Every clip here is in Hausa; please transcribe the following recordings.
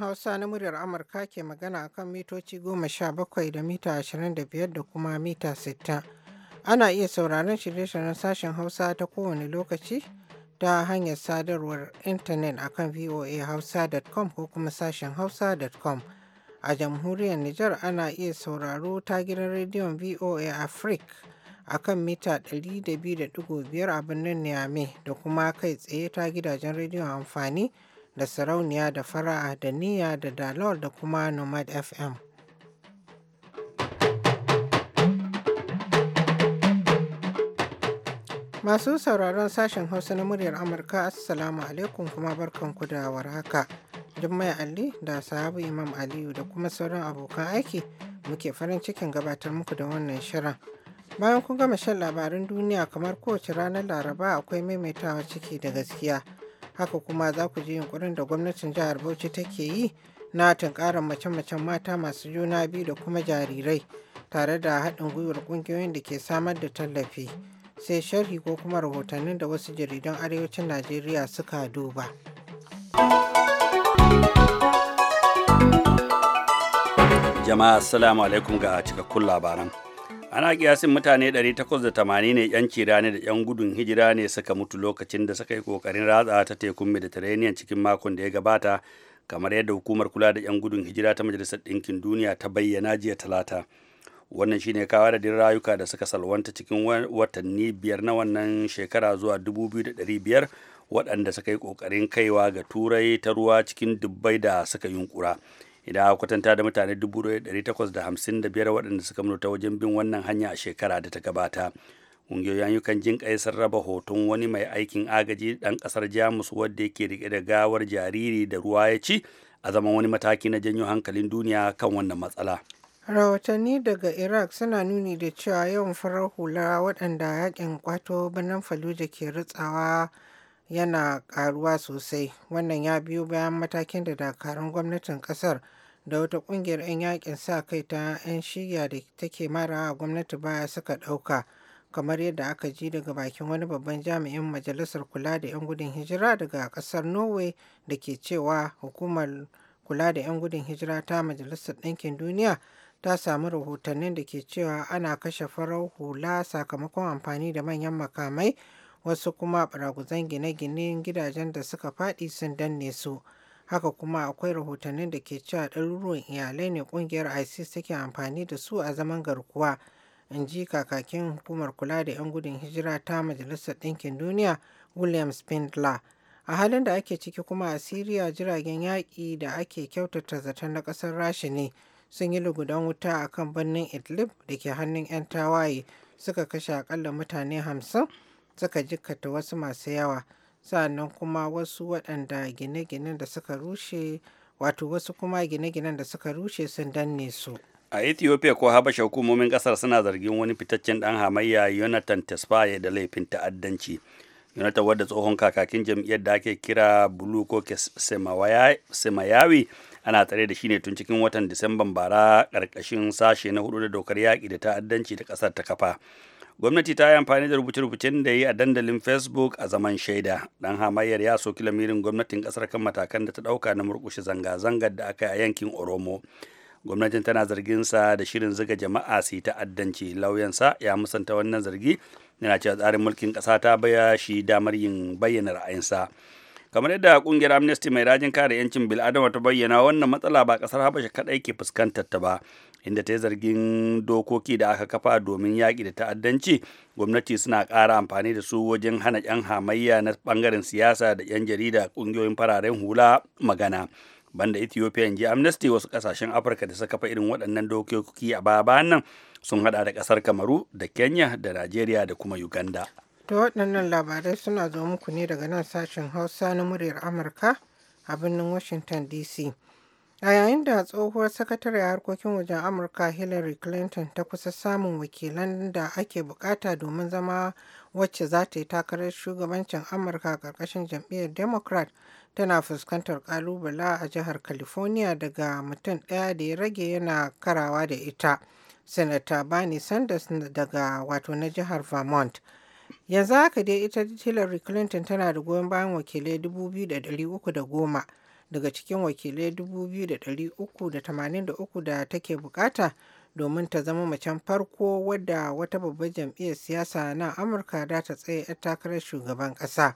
Hausa na muryar Amurka ke magana kan mitoci goma sha bakwai da mita ashirin da biyar da kuma mita sita Ana iya sauraron shirye-shiryen sashen Hausa ta kowane lokaci ta hanyar sadarwar intanet akan voahausa.com ko kuma sashen hausa.com. A jamhuriyar Nijar ana iya sauraro ta gidan rediyon VOA Africa a kan mita 200.5 a birnin Niamey da kuma kai tsaye ta gidajen rediyon amfani. da sarauniya da fara'a da niyya da dalol da kuma nomad fm masu sauraron sashen hausa na muryar amurka assalamu alaikum kuma barkanku da warhaka mai ali da sahabu imam aliyu da kuma sauran abokan aiki muke farin cikin gabatar muku da wannan shirin bayan kun gama shan labarin duniya kamar kowace ranar laraba akwai maimaitawa ciki da gaskiya haka kuma za ku ji yunkurin da gwamnatin jihar bauchi take yi na tunkarar mace-macen mata masu juna biyu da kuma jarirai tare da haɗin gwiwar ƙungiyoyin da ke samar da tallafi sai sharhi ko kuma rahotannin da wasu jaridan arewacin najeriya suka duba jama'a assalamu alaikum ga cikakkun labaran ana kiyasin mutane 880 ne yan ne da yan gudun hijira ne suka mutu lokacin da suka yi kokarin ratsa ta tekun mediterranean cikin makon da ya gabata kamar yadda hukumar kula da yan gudun hijira ta majalisar ɗinkin duniya ta bayyana jiya talata wannan shine kawo adadin rayuka da suka salwanta cikin watanni biyar na wannan shekara zuwa 2500 waɗanda suka yi kokarin kaiwa ga turai ta ruwa cikin dubbai da suka yunkura. idan aka kwatanta da mutane 1,855 waɗanda suka mutu ta wajen bin wannan hanya a shekara da ta gabata ƙungiyoyin ayyukan jin ƙai sun raba hoton wani mai aikin agaji ɗan ƙasar jamus wanda yake rike da gawar jariri da ruwa ya ci a zaman wani mataki na janyo hankalin duniya kan wannan matsala rahotanni daga iraq suna nuni da cewa yawan farar hula waɗanda yakin kwato banan faluja ke ritsawa yana ƙaruwa sosai wannan ya biyo bayan matakin da dakarun gwamnatin ƙasar da wata ƙungiyar 'yan yakin sa kai ta 'yan shiya da take mara a gwamnati baya suka ɗauka kamar yadda aka ji daga bakin wani babban jami'in majalisar kula da 'yan gudun hijira daga ƙasar norway da ke cewa hukumar kula da 'yan gudun hijira ta majalisar ɗinkin duniya ta samu rahotannin da ke cewa ana kashe farar hula sakamakon amfani da manyan makamai wasu kuma baraguzan gine-ginen gidajen da suka faɗi sun danne su haka kuma akwai rahotannin da ke cewa ɗaruruwan iyalai ne ƙungiyar isis take amfani da su a zaman garkuwa in ji kakakin hukumar kula da 'yan gudun hijira ta majalisar ɗinkin duniya william spindler a halin da ake ciki kuma a siriya jiragen yaƙi da ake kyautata zaton na ƙasar rashi ne sun yi lugudan wuta a kan birnin idlib da ke hannun 'yan tawaye suka kashe akalla mutane hamsin suka jikkata wasu masu yawa sannan kuma wasu waɗanda gine-ginen da suka rushe wato wasu kuma gine-ginen da suka rushe sun danne su a ethiopia ko habasha hukumomin kasar suna zargin wani fitaccen dan hamayya yonatan tesfaye da laifin ta'addanci yonatan wadda tsohon kakakin jam'iyyar da ake kira bulu ko semayawi ana tsare da shi ne tun cikin watan disamban bara karkashin sashe na hudu da dokar yaƙi da ta'addanci da ƙasar ta kafa gwamnati ta yi amfani da rubuce-rubucen da yi a dandalin facebook a zaman shaida dan hamayyar ya soki lamirin gwamnatin kasar kan matakan da ta ɗauka na murkushe zanga-zangar da aka yi a yankin oromo gwamnatin tana zargin sa da shirin zuga jama'a su ta'addanci lauyansa ya musanta wannan zargi yana cewa tsarin mulkin kasa ta baya shi damar yin bayyana ra'ayinsa kamar yadda ƙungiyar amnesty mai rajin kare 'yancin bil'adama ta bayyana wannan matsala ba kasar habasha kaɗai ke fuskantar ta ba inda ta yi zargin dokoki da aka kafa domin yaƙi da ta'addanci gwamnati suna ƙara amfani da su wajen hana 'yan hamayya na ɓangaren siyasa da 'yan jarida ƙungiyoyin fararen hula magana banda ethiopia in ji amnesty wasu ƙasashen afirka da suka kafa irin waɗannan dokoki a baya nan sun haɗa da ƙasar kamaru da kenya da nigeria da kuma uganda da waɗannan labarai suna zo muku ne daga nan sashen hausa na muryar amurka a birnin washington dc A yayin da tsohuwar sakatare harkokin wajen Amurka Hillary Clinton ta kusa samun wakilan da ake bukata domin zama wacce za ta yi takarar shugabancin Amurka karkashin jam'iyyar Democrat tana fuskantar kalubala a jihar California daga mutum daya da ya rage yana karawa da ita, senator Bernie Sanders daga wato na jihar Vermont. Yanzu haka dai ita Hillary Clinton tana da goyon bayan wakilai 2,310 daga cikin wakilai 2,383 da take bukata domin ta zama macen farko wadda wata babbar jam'iyyar siyasa na amurka da ta tsaye 'yar takarar shugaban ƙasa.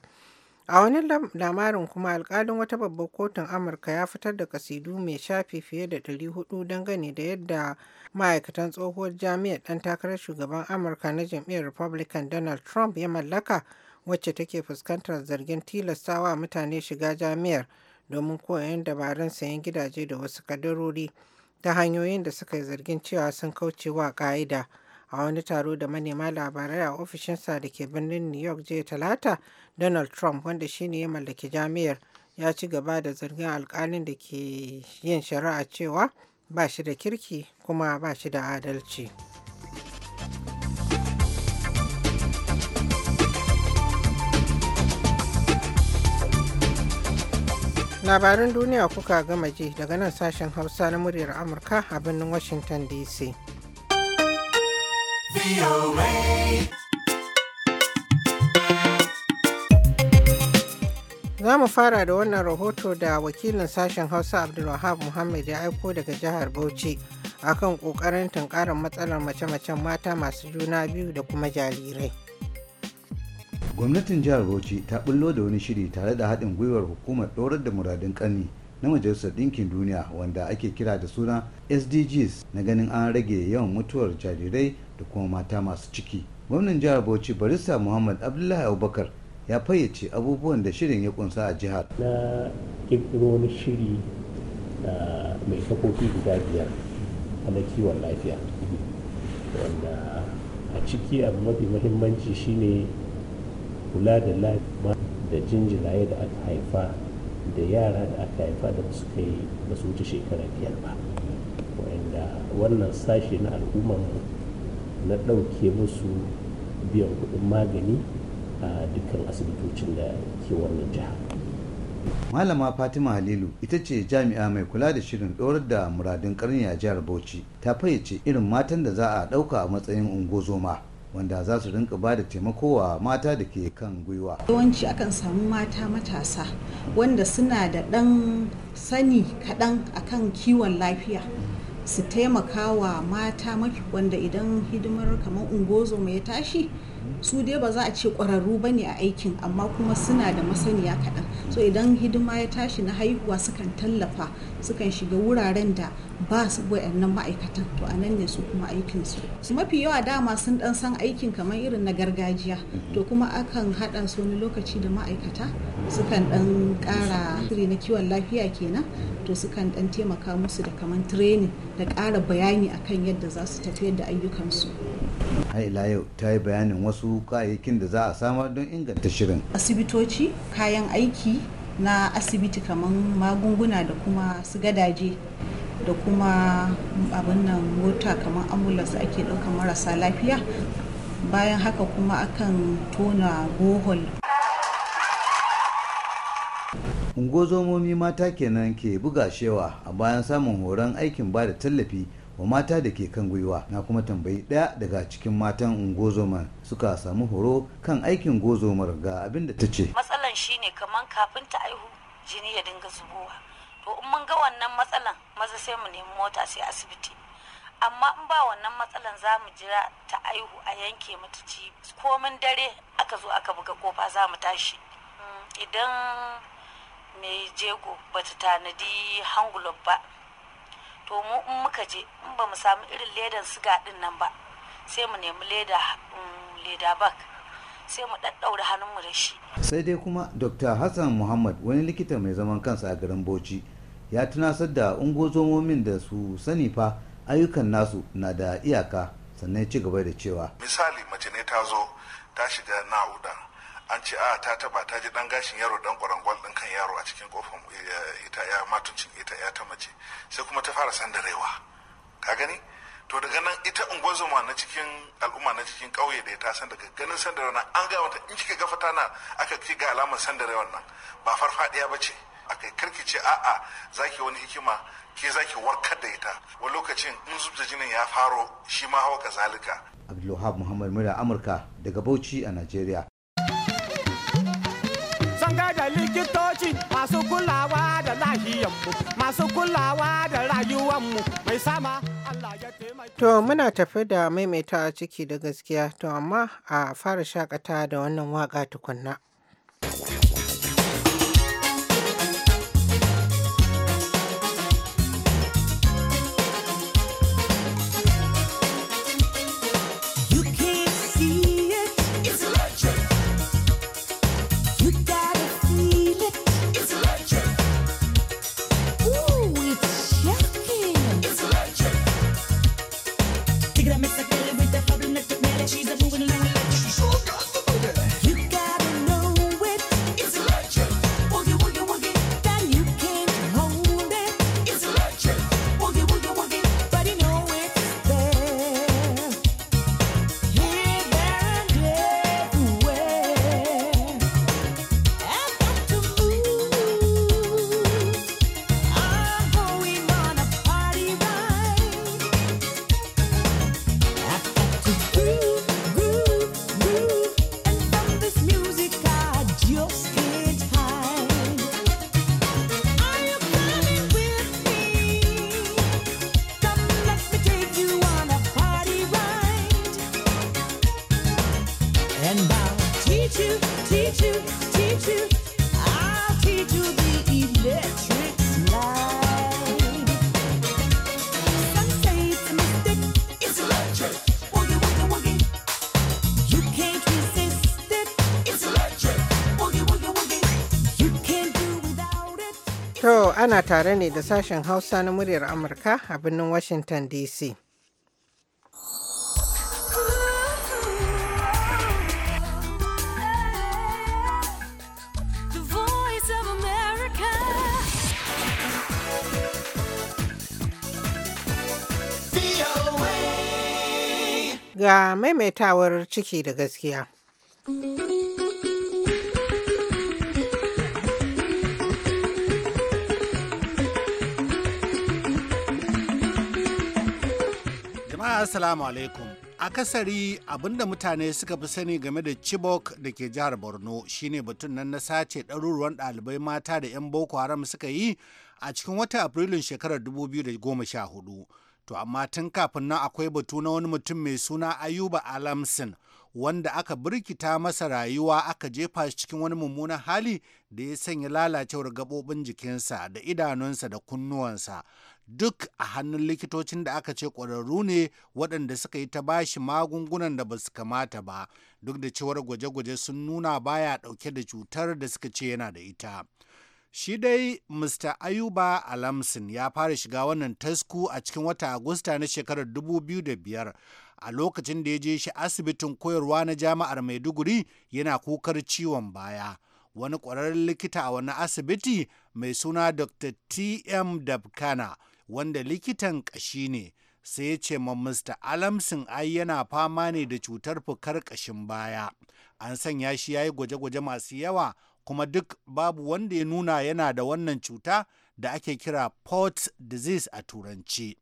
a wani lamarin kuma alkalin wata babbar kotun amurka ya fitar da kasidu mai shafi fiye da hudu 400 dangane da yadda ma'aikatan tsohuwar jami'ar dan takarar shugaban amurka na jam'iyyar republican donald trump ya mallaka wacce take fuskantar zargin tilastawa mutane shiga jami'ar domin koyon dabarun sayan gidaje da wasu kadarori ta hanyoyin da suka yi zargin cewa sun kauce wa ƙa'ida a wani taro da manema labarai a ofishinsa da ke birnin new york jiya talata donald trump wanda shine ya mallaki jami'ar ya ci gaba da zargin alkalin da ke yin shari'a cewa ba shi da kirki kuma ba shi da adalci. labaran duniya kuka gama ji daga nan sashen hausa na muryar amurka a birnin washington dc za mu fara da wannan rahoto da wakilin sashen hausa abdulwahab muhammad ya aiko daga jihar bauchi akan kokarin tunkarar matsalar mace-macen mata masu juna biyu da kuma jarirai gwamnatin jihar bauchi ta bullo da wani shiri tare da haɗin gwiwar hukumar ɗorar da muradun ƙarni na majalisar ɗinkin duniya wanda ake kira da suna sdgs na ganin an rage yawan mutuwar jarirai da kuma mata masu ciki gwamnan jihar bauchi barista muhammad abdullahi abubakar ya fayyace abubuwan da shirin ya kunsa a jihar na ƙirƙiro wani shiri ah, mai kafofi guda biyar na kiwon lafiya wanda a ciki abu mafi muhimmanci shine kula da lafiya da jinjiraye da aka haifa da yara da aka haifa da su kai ba su wuce shekara biyar ba wanda wannan sashe na al'ummar na ɗauke musu biyan kuɗin magani a dukkan asibitocin da ke wannan jiha malama fatima halilu ita ce jami'a mai kula da shirin ɗorar da muradin ƙarni a jihar bauchi ta fayyace irin matan da za a ɗauka a matsayin ungozoma wanda za su rinka ba da taimako wa mata da ke kan gwiwa. Yawanci akan samu mata matasa wanda suna da ɗan sani kaɗan akan kiwon lafiya. su taimaka wa mata wanda idan hidimar kamar ungozo mai tashi su dai ba za a ce ƙwararru ba ne a aikin amma kuma suna da masaniya kaɗan so idan hidima ya tashi na haihuwa sukan tallafa sukan shiga wuraren da ba su waɗannan ma'aikatan to anan ne su kuma aikin su mafi yawa dama sun dan san aikin kamar irin na gargajiya to kuma akan haɗa su wani lokaci da ma'aikata sukan dan ƙara shiri na kiwon lafiya kenan to sukan dan taimaka musu da kamar training da ƙara bayani akan yadda za su tafiyar da ayyukansu har ila yau ta yi bayanin wasu kayayyakin da za a samar don inganta shirin asibitoci kayan aiki na asibiti kamar magunguna da kuma su gadaje da kuma abin nan mota kamar ambulance ake ɗaukar marasa lafiya bayan haka kuma akan tona bohol ungozomomi mata kenan ke buga shewa a bayan samun horon aikin ba da tallafi wa mata da ke kan gwiwa na kuma tambayi ɗaya daga cikin matan ungozoma suka samu horo kan aikin gozomar ga abin da ta ce matsalan shine kaman kafin ta aihu jini ya dinga zubowa to in mun ga wannan matsalan maza sai mu nemi mota sai asibiti amma in ba wannan matsalan za mu jira ta aihu a yanke mata ci komin dare aka zo aka buga kofa za mu tashi mm, idan mai jego bata tanadi hangulob ba to mu in muka je in ba mu samu irin ledan siga din nan ba sai mu nemi leda mm, leda bak sai mu hannun mu da shi sai dai kuma dr hassan muhammad wani likita mai zaman kansa a garin bauchi ya tunasar da ungozomomin da su sani fa ayyukan nasu na da iyaka sannan ci gaba da cewa misali mace ne ta zo ta shiga na'uda an ce a ah, ta taba ta ji dan gashin yaro dan kwarangwal din kan yaro a cikin kofar eh, ita ya matuncin ita ya ta mace sai kuma ta fara sandarewa ka gani to daga nan ita unguwar na cikin al'umma na cikin ƙauye da ta san daga ganin sandarewa nan an ga wata in kika gafa tana aka ci ga alamar sandarewar nan ba farfadiya ba ce akai karkice a'a zaki wani hikima ke zaki warkar da ita wani lokacin in zubta jinin ya faro shi ma hawa kazalika abdulwahab muhammad mura amurka daga bauchi a najeriya ga da likitoci masu kulawa da lahiyanmu masu kulawa da rayuwanmu mai sama Allah ya to muna tafi da maimaita ciki da gaskiya to amma a fara shakata da wannan waka tukunna. ne da sashen Hausa na muryar Amurka a birnin Washington DC. Ga maimaitawar ciki da gaskiya. Assalamu alaikum. Akasari abinda mutane suka fi sani game da Chibok da ke jihar Borno shine batun nan na sace ɗaruruwan ɗalibai mata da 'yan Boko Haram suka yi a cikin watan Afrilun shekarar 2014. To amma tun kafin nan akwai batu na wani mutum mai suna Ayuba Alamsin wanda aka birkita masa rayuwa aka jefa shi cikin wani mummunan hali da ya sanya lalacewar gaɓoɓin jikinsa da idanunsa da kunnuwansa duk a hannun likitocin da aka ce ƙwararru ne waɗanda suka yi ta bashi magungunan da ba su kamata ba duk da cewar gwaje-gwaje sun nuna baya ɗauke da cutar da suka ce yana da ita. Shi dai Mr. Ayuba Alamsin ya fara shiga wannan tasku a cikin wata Agusta na shekarar 2005 a lokacin da ya je shi asibitin koyarwa na jami'ar Maiduguri yana kukar ciwon baya. Wani ƙwararren likita a wani asibiti mai suna Dr. T.M. Dabkana wanda likitan ƙashi ne sai ya ce ma Mr. Alamsin ai yana fama ne da cutar fukar ƙashin baya. An sanya shi ya yi gwaje-gwaje masu yawa kuma duk babu wanda ya nuna yana da wannan cuta da ake kira Port disease a turanci.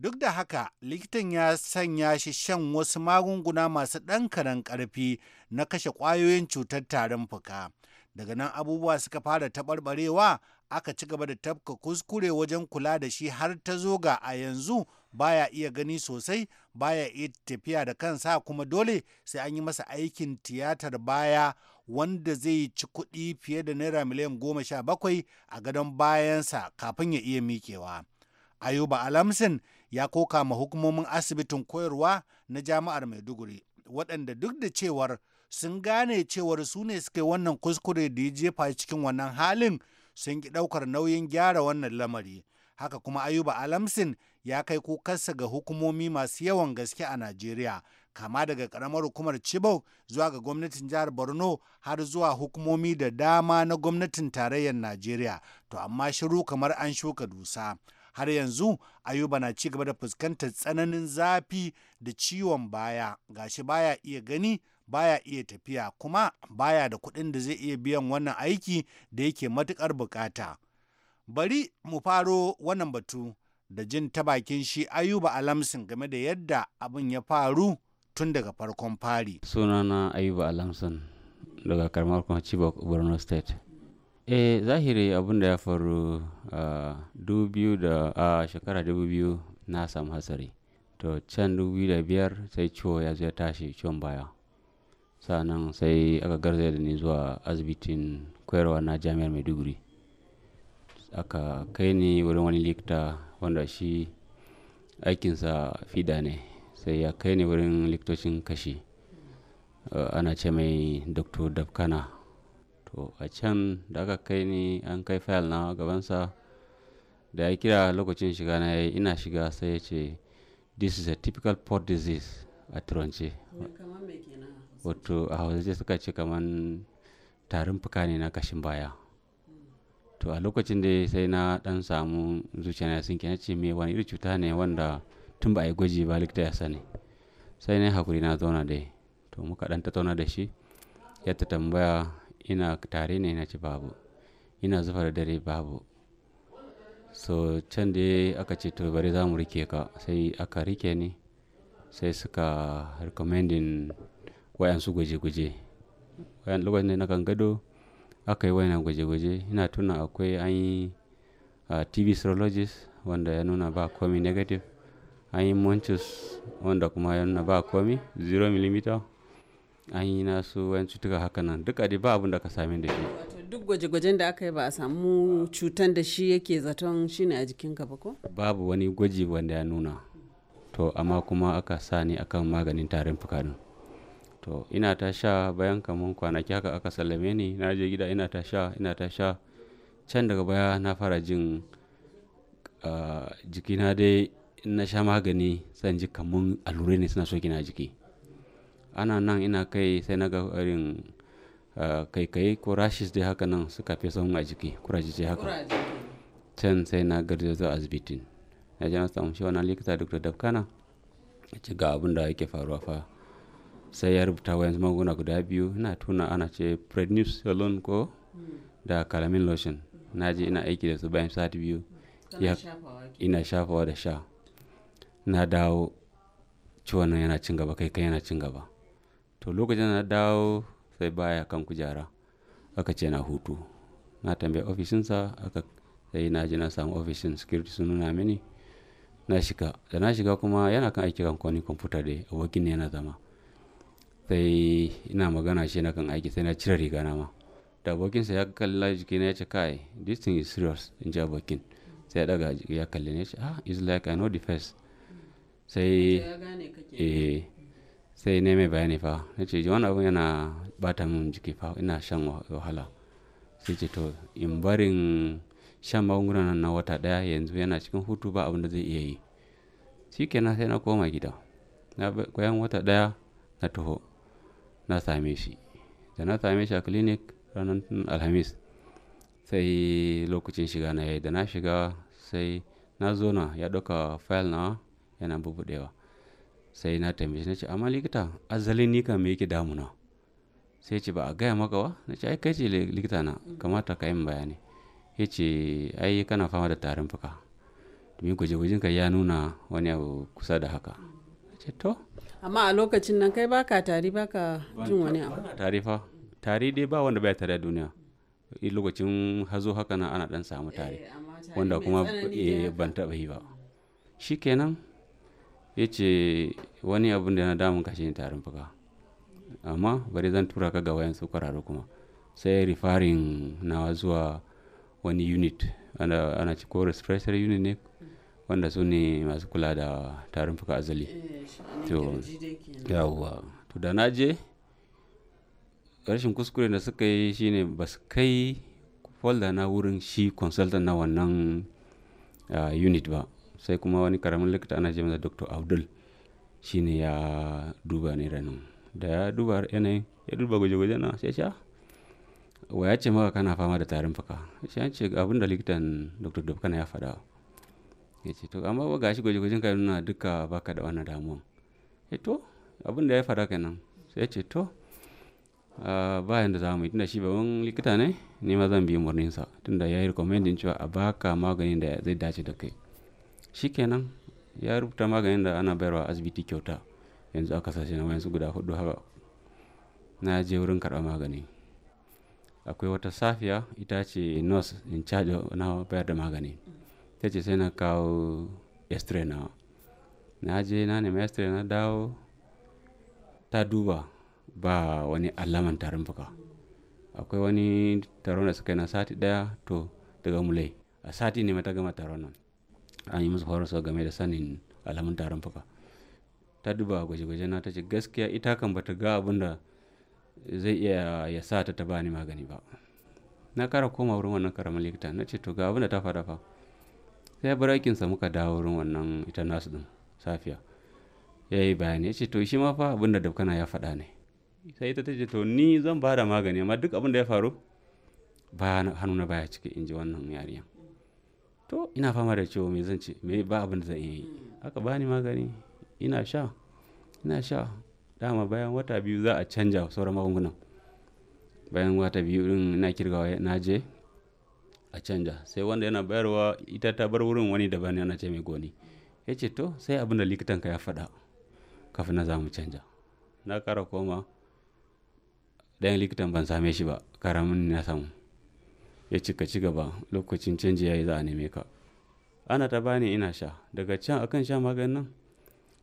Duk da haka likitan ya sanya shi shan wasu magunguna masu ɗan ƙarfi na kashe ƙwayoyin cutar tarin fuka. Daga nan abubuwa suka fara taɓarɓarewa aka ci gaba da tafka kuskure wajen kula da shi har ta zo ga a yanzu baya iya gani sosai baya iya tafiya da kansa kuma dole sai an yi masa aikin tiyatar baya wanda zai ci kuɗi fiye da naira miliyan goma sha bakwai a gadon bayansa kafin ya iya miƙewa. Ayuba Alamsin ya koka ma hukumomin asibitin koyarwa na jami'ar Maiduguri waɗanda duk da cewar sun gane cewar su ne suka yi wannan kuskure da ya jefa cikin wannan halin sun ki ɗaukar nauyin gyara wannan lamari. Haka kuma Ayuba Alamsin ya kai kukarsa ga hukumomi masu yawan gaske a Najeriya, kama daga ƙaramar hukumar Chibok zuwa ga gwamnatin jihar Borno har zuwa hukumomi da dama na gwamnatin tarayyar Najeriya, to amma shiru kamar an shuka dusa. har yanzu ayuba na ci gaba da fuskantar tsananin zafi da ciwon baya gashi baya iya gani baya iya tafiya kuma baya da kuɗin da zai iya biyan wannan aiki da yake matuƙar bukata. Bari mu faro wannan batu da jin ta bakin shi Ayuba Alamsin game da yadda abin ya faru tun daga farkon fari. Sunana Ayuba Alamsin daga Karmar Chibok, Borno State. e zahiri abin da ya faru ah, a ah, shekara dubu biyu na samu hatsari. To can dubu biyar sai ciwo ya zai tashi ciwon baya. sa'annan sai aka garzaya da ni zuwa asibitin koyarwa na jami'ar maiduguri aka kai ni wurin wani likita wanda shi aikinsa fida ne sai ya kai ni wurin likitocin kashi eh, ana ce mai dr dafkana to a can da aka kai ni an kai fayil na gabansa da ya kira lokacin shiga na yi ina shiga sai ya ce this is a typical port disease a turance wato a hausace suka ce kaman tarin fuka ne na kashin baya to a lokacin da sai na dan samu zuciya na sun na ce me wani irin cuta ne wanda tun ba a yi gwaji ba likita ya sani sai na hakuri na zauna da to muka dan tattauna da shi ya ta tambaya ina tare ne na ci babu ina zufa da dare babu so can da aka ce to bari za mu rike ka sai aka rike ni sai suka recommending wayansu gwaje-gwaje lokacin da na kan gado aka yi wayan gwaje-gwaje ina tuna akwai an yi tv serologist wanda ya nuna ba komi negative an yi wanda kuma ya nuna ba komi 0 mm an yi nasu wayan cutuka haka nan duka dai ba abin da ka sami da shi duk gwaje-gwajen da aka yi ba a samu cutan da shi yake zaton shi ne a ka ba ko babu wani gwaji wanda ya nuna to amma kuma aka sa ni akan maganin tarin fuka din to ina ta sha bayan kaman kwanaki haka aka sallame ni na je gida ina ta sha ina ta sha can daga baya na fara jin jiki ah, jikina dai na sha magani sai ji kaman alure ne suna soki na jiki ana nan ina kai sai na ga irin ah, kai-kai ko rashis dai haka nan suka fi son a jiki kuraje ce haka can sai na garje zuwa asibitin na je na samu shi wani likita dr dabkana ci ga abin da yake faruwa fa sai ya rubuta wayan magunguna guda biyu ina tuna ana ce prednews salon ko da kalamin lotion na je ina aiki da su bayan sati biyu ina shafawa da sha na dawo ciwon yana cin gaba kai kai yana cin gaba to lokacin na dawo sai baya kan kujara aka ce na hutu na tambaye ofishinsa aka sai na je na samu ofishin security sun nuna mini na shiga da na shiga kuma yana kan aiki kan kwani kwamfuta dai abokin ne yana zama sai ina magana shi na kan aiki sai na cire riga na ma da abokinsa ya kalla jiki na ya ce kai this thing is serious in ji abokin sai ya daga ya kalli ne ya ce ah is like i know the face sai eh sai ne mai bayani fa na ce wani abin yana bata min jiki fa ina shan wahala sai ce to in barin shan magungunan na wata daya yanzu yana cikin hutu ba abin da zai iya yi shi kenan sai na koma gida na koyan wata daya na taho na same shi da na same shi a clinic ranar alhamis sai lokacin shiga na yayi da na shiga sai na zo ya ɗauka fayil na yana bubuɗewa sai na tambaye na ce amma likita azalin ni ka me yake damuna sai ce ba a gaya maka ba na ce ai ce likita na kamata ka yin bayani ya ce ai kana fama da tarin fuka domin gwaje ka ya nuna wani abu kusa da haka ce to amma a lokacin nan kai baka tari baka jin wani abu tari fa tari dai ba wanda baya tare duniya lokacin hazo haka nan ana dan samu tari eh, wanda kuma eh, ban taba yi ba shikenan ya ce wani abin da na damun kashe ni tarin fuka amma bari zan tura ka ga wayan su kwararru kuma sai rifarin nawa zuwa wani unit ana, ana ci ko respiratory unit ne wanda su ne masu kula da tarin fuka azali eh, to da na je rashin kuskure da suka yi shine ba su kai folda na wurin shi consultant na wannan ah, unit ba sai kuma wani karamin likita ana ce dr abdul shine ya duba ne ranin da ya duba yanayin ya duba gwaje-gwaje na sai sha ah, wa ya ce maka kana fama da tarin fuka shi ce abin da likitan dr dubkana ya faɗa ya ce to amma ga shi gwaje-gwajen kai nuna duka baka da wannan damuwan ya to abin da ya fara kenan sai ya ce to ba yanda za mu yi tunda shi wani likita ne ni ma zan bi murninsa tunda ya yi recommending cewa a baka maganin da zai dace da kai shikenan ya rubuta maganin da ana bayarwa asibiti kyauta yanzu aka sashe na wayansu guda hudu haka na je wurin karɓar magani akwai wata safiya ita ce nurse in charge na bayar da magani ta ce sai na kawo x na je na ne x na dawo ta duba ba wani alaman tarin fuka akwai wani taron da suka yi na sati daya to daga mulai a sati ne mata gama taron nan an yi musu horarsa game da sanin alamun tarin fuka ta duba gwaje-gwaje na ta ce gaskiya ita kan bata ga abin da zai iya ya sa ta ta bani magani ba na kara koma wurin wannan karamin likita na ce to ga abin da ta faɗa fa sai barakinsa muka dawo wurin wannan ita nasu din safiya ya yi bayani ya ce to shi ma fa abinda da kana ya faɗa ne sai ita ta ce to ni zan ba da magani amma duk abin da ya faru ba hannu na baya ciki in ji wannan yariyan to ina fama da ciwo mai zan ce me ba abin da zan iya yi aka bani magani ina sha ina sha dama bayan wata biyu za a canja sauran magungunan bayan wata biyu din na kirgawa na je a canja sai wanda yana bayarwa ita ta bar wurin wani daban yana ce mai goni ya ce to sai abin da likitanka ya faɗa kafin na za canja na kara koma ɗayan likitan ban same shi ba karamin na samu ya cika ci gaba lokacin canji ya yi za a neme ka ana ta bani ina sha daga can akan sha maganin nan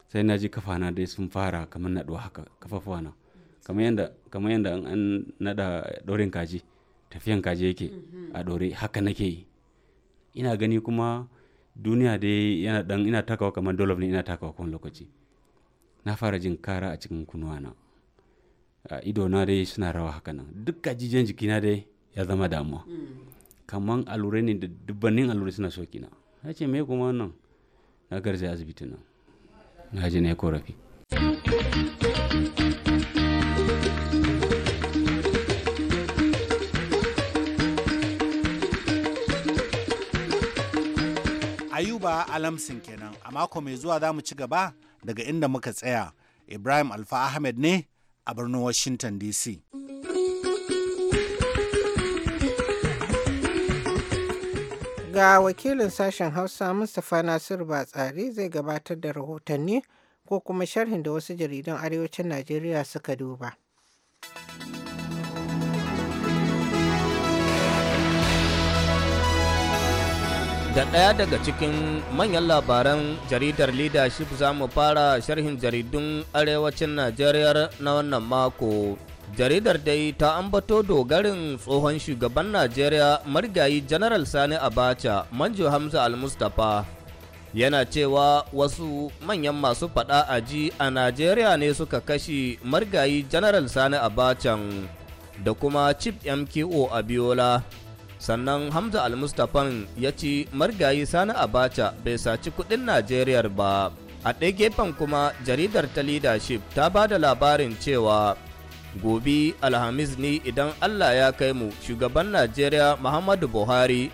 sai na ji kafana dai sun fara kamar naɗuwa haka na. kamar yadda an naɗa ɗorin kaji tafiyan kaji yake mhm. a ɗore haka nake yi ina gani kuma duniya dai yana dan ina takawa kamar dolof ne ina takawa kowane lokaci na fara jin kara a cikin kunuwana a idona dai suna rawa haka nan duk gajijen jikina dai ya zama damuwa mm. kamar alurai ne da dubbanin alurai suna sokina na ce me kuma wannan na garzaya asibiti nan na ji na yi korafi ayuba alamsin kenan a mako mai zuwa za mu ci gaba daga inda muka tsaya ibrahim alfa ahmed ne a birnin washington dc ga wakilin sashen hausa mustapha nasiru batsari zai gabatar da rahotanni ko kuma sharhin da wasu jaridan arewacin najeriya suka duba Da ɗaya daga cikin manyan labaran jaridar leadership za mu fara sharhin jaridun arewacin Najeriya na wannan mako. Jaridar dai ta ambato dogarin tsohon shugaban Najeriya marigayi General Sani Abacha, Manjo Hamza Al-Mustapha. Yana cewa wasu manyan masu faɗa aji a Najeriya ne suka kashe marigayi General Sani Abacha da kuma Chief MKO Abiola. sannan hamza al ya ci margayi sani abacha bai saci kudin najeriya ba a ɗaya gefen kuma jaridar ta leadership ta ba da labarin cewa "Gobi, alhamis ni idan allah ya kai mu shugaban najeriya muhammadu buhari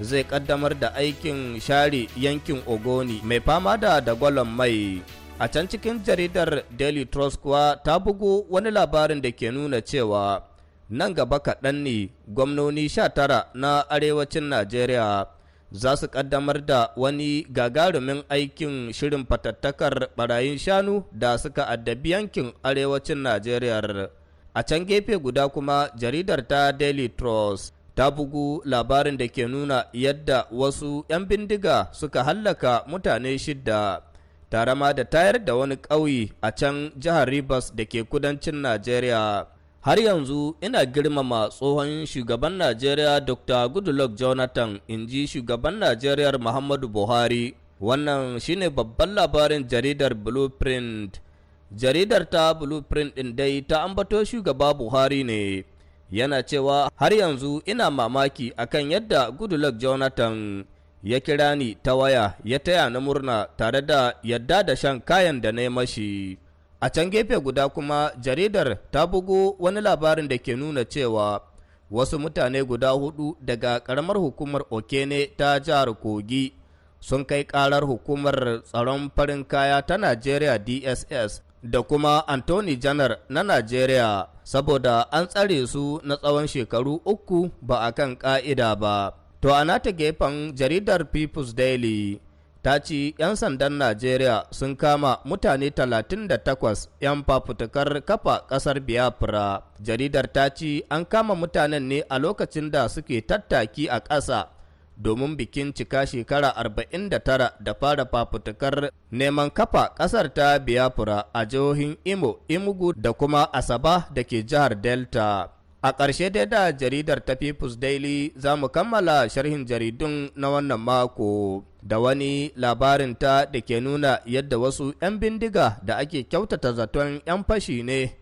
zai kaddamar da aikin share yankin ogoni mai fama da dagwalon mai a can cikin jaridar daily trust kuwa ta bugu wani labarin da ke nuna cewa nan gaba kaɗan ne gwamnoni sha tara na arewacin Najeriya za su ƙaddamar da wani gagarumin aikin shirin fatattakar ɓarayin shanu da suka addabi yankin arewacin Najeriya. A can gefe guda kuma jaridar ta Daily Trust ta bugu labarin da ke nuna yadda wasu 'yan bindiga suka hallaka mutane shidda tare ma da tayar da wani ƙauye a can jihar Rivers da ke kudancin Najeriya. har yanzu ina girmama tsohon shugaban najeriya dr goodluck jonathan in ji shugaban najeriya muhammadu buhari wannan shine babban labarin jaridar blueprint jaridar ta blueprint ɗin dai ta ambato shugaba buhari ne yana cewa har yanzu ina mamaki akan yadda goodluck jonathan ya kira ni ta waya ya taya na murna tare da yadda da shan kayan da na mashi A can gefe guda kuma jaridar ta bugu wani labarin da ke nuna cewa wasu mutane guda hudu daga ƙaramar hukumar Okene ta jihar Kogi sun kai karar hukumar tsaron farin kaya ta Najeriya DSS da kuma Anthony Janar na Najeriya saboda an tsare su na tsawon shekaru uku ba a kan ƙa'ida ba. To a nata gefen jaridar People's Daily ta ce 'yan sandan Najeriya sun kama mutane 38 'yan fafutukar kafa ƙasar Biafra. Jaridar ta ce an kama mutanen ne a lokacin da suke tattaki a ƙasa domin bikin cika shekara 49 da fara fafutukar neman kafa ƙasar ta Biafra a jihohin Imo, Imugu da kuma Asaba da ke jihar Delta. A ƙarshe dai da jaridar ta People's Daily za mu kammala sharhin jaridun na wannan mako. da wani labarinta da ke nuna yadda wasu 'yan bindiga da ake kyautata zaton 'yan fashi ne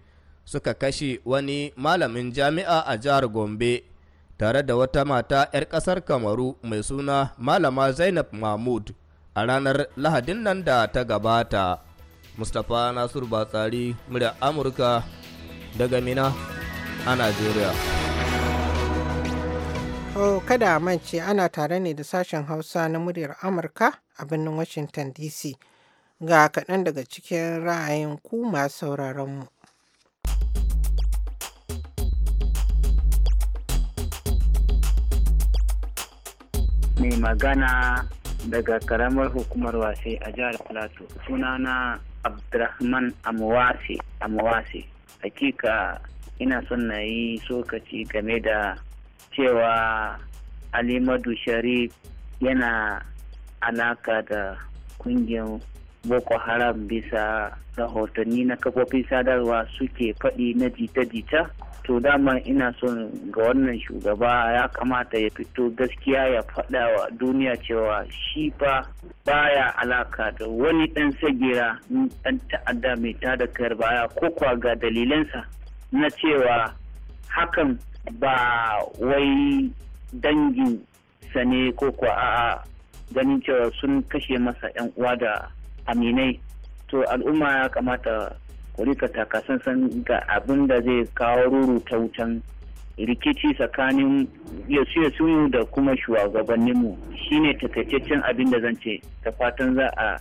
suka kashe wani malamin jami'a a jihar Gombe tare da wata mata 'yar ƙasar Kamaru mai suna Malama Zainab Mahmud a ranar Lahadin nan da ta gabata. Mustapha Nasiru Batsari, murya Amurka daga Mina a Najeriya. To kada a mance ana tare ne da sashen Hausa na muryar Amurka a birnin Washington DC. Ga kaɗan daga cikin ra'ayin ku masu sauraronmu. Mai magana daga karamar hukumar wase a jihar Plateau. Sunana Abdurrahman Amwase. Amwase. Hakika ina son na yi sokaci game da cewa alimadu sharif yana alaka da kungiyar boko haram bisa rahotanni na kafofin sadarwa suke faɗi na jita-jita to dama ina son ga wannan shugaba ya kamata ya fito gaskiya ya faɗa wa duniya cewa shi fa baya alaka da wani ɗan sagira ɗan ta'adda mai tada kayar baya ko kwa ga dalilansa na cewa hakan ba wai dangin sane ko ko a'a ganin cewa sun kashe masa 'yan uwa da aminai to al'umma ya kamata ku rika takasansan ga abin da zai kawo ruru ta wutan rikici tsakanin yasu yasu da kuma shugabanninmu shine takaitaccen abin da zan ce ta fatan za a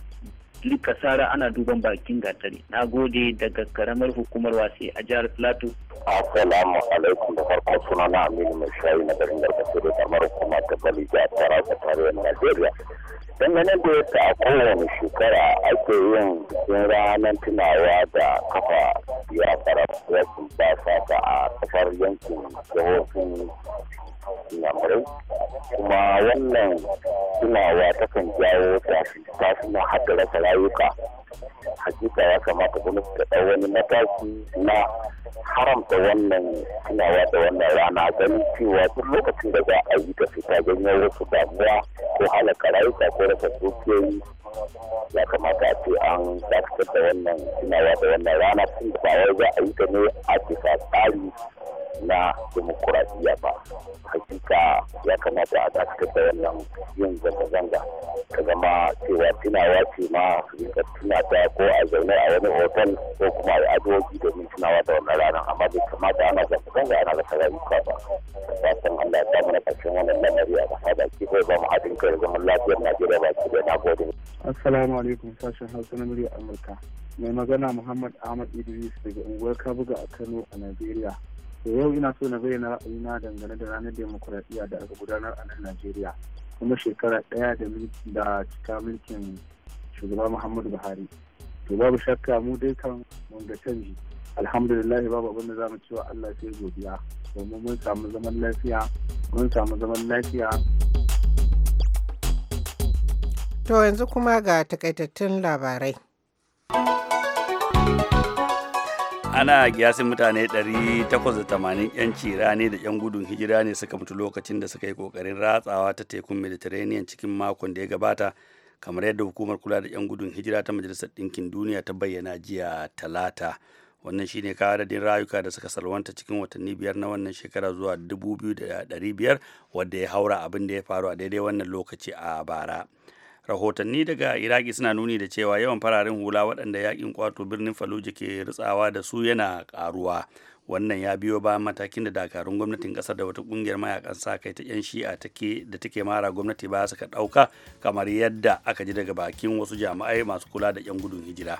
duk kasara ana duban bakin gatari na gode daga karamar hukumar wasi a jihar plateau Assalamu alaikum da farko suna na Aminu Mai Shayi na garin Garba da kamar kuma ta tara ta Rasa Tare Najeriya. dangane da yadda a kowane shekara ake yin bikin ranar tunawa da kafa yasarar rashin ta a kafar yankin jihohin namurai kuma wannan tunawa kan jawo tashi na haddasa rayuka hakika ya kamata gwamnati ta ɗau wani mataki na haramta wannan tunawa da wannan rana ganin cewa duk lokacin da za a yi ka fita janyo wasu damuwa ko halaka rayuka ko rasa dukiyoyi ya kamata a ce an dakatar wannan tunawa da wannan rana tun da ba za a yi ta ne a tsari na demokuraɗiyya ba hakika ya kamata a dakatar da wannan yin zanga-zanga zama cewa tunawa ce ma tuna ta ko a zaune a wani ko kuma a adoji domin tunawa da wannan ranar amma bai kamata ana zanga-zanga ana rasa rayuka ba Allah ya samu na ƙarshen wannan lamari a ba mu haɗin kai zaman lafiyar Najeriya ba ki na gode. Assalamu alaikum sashen Hausa na murya Amurka. Mai magana Muhammad Ahmad Idris daga unguwar Kabuga a Kano a Najeriya. Da yau ina so na bayyana ra'ayina dangane da ranar demokuraɗiyya da aka gudanar a nan Najeriya. Kuma shekara ɗaya da cika mulkin shugaba Muhammadu Buhari. To babu shakka mu dai kan mun ga canji. Alhamdulillah babu abin da zamu cewa Allah sai godiya. Domin mun samu zaman lafiya, mun samu zaman lafiya To yanzu kuma ga takaitattun labarai. ana kiyasin mutane 880 'yan cirani da 'yan gudun hijira ne suka mutu lokacin da suka yi kokarin ratsawa ta tekun mediterranean cikin makon da ya gabata kamar yadda hukumar kula da 'yan gudun hijira ta majalisar ɗinkin duniya ta bayyana jiya talata wannan shine kawo adadin rayuka da suka salwanta cikin watanni biyar na wannan shekara zuwa 2,500 wadda ya haura abin da ya faru a daidai wannan lokaci a bara. rahotanni daga iraki suna nuni da cewa yawan fararen hula waɗanda yakin kwato birnin fallujah ke ritsawa da su yana ƙaruwa wannan ya biyo ba matakin da dakarun gwamnatin ƙasar da wata ƙungiyar mayakan sa kai ta 'yan shi'a take da take mara gwamnati ba ka ɗauka kamar yadda aka ji daga bakin wasu jami'ai masu kula da 'yan gudun hijira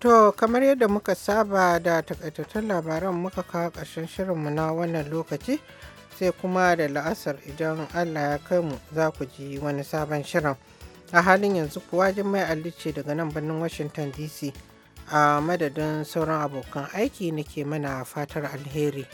To kamar yadda muka saba da takaitattun labaran muka kawo shirin mu na wannan lokaci sai kuma da la'asar idan Allah ya kai mu za ku ji wani sabon shirin. a halin yanzu kuwa Jummai Ali ce daga nan birnin Washington DC a madadin sauran abokan aiki nake mana fatar alheri.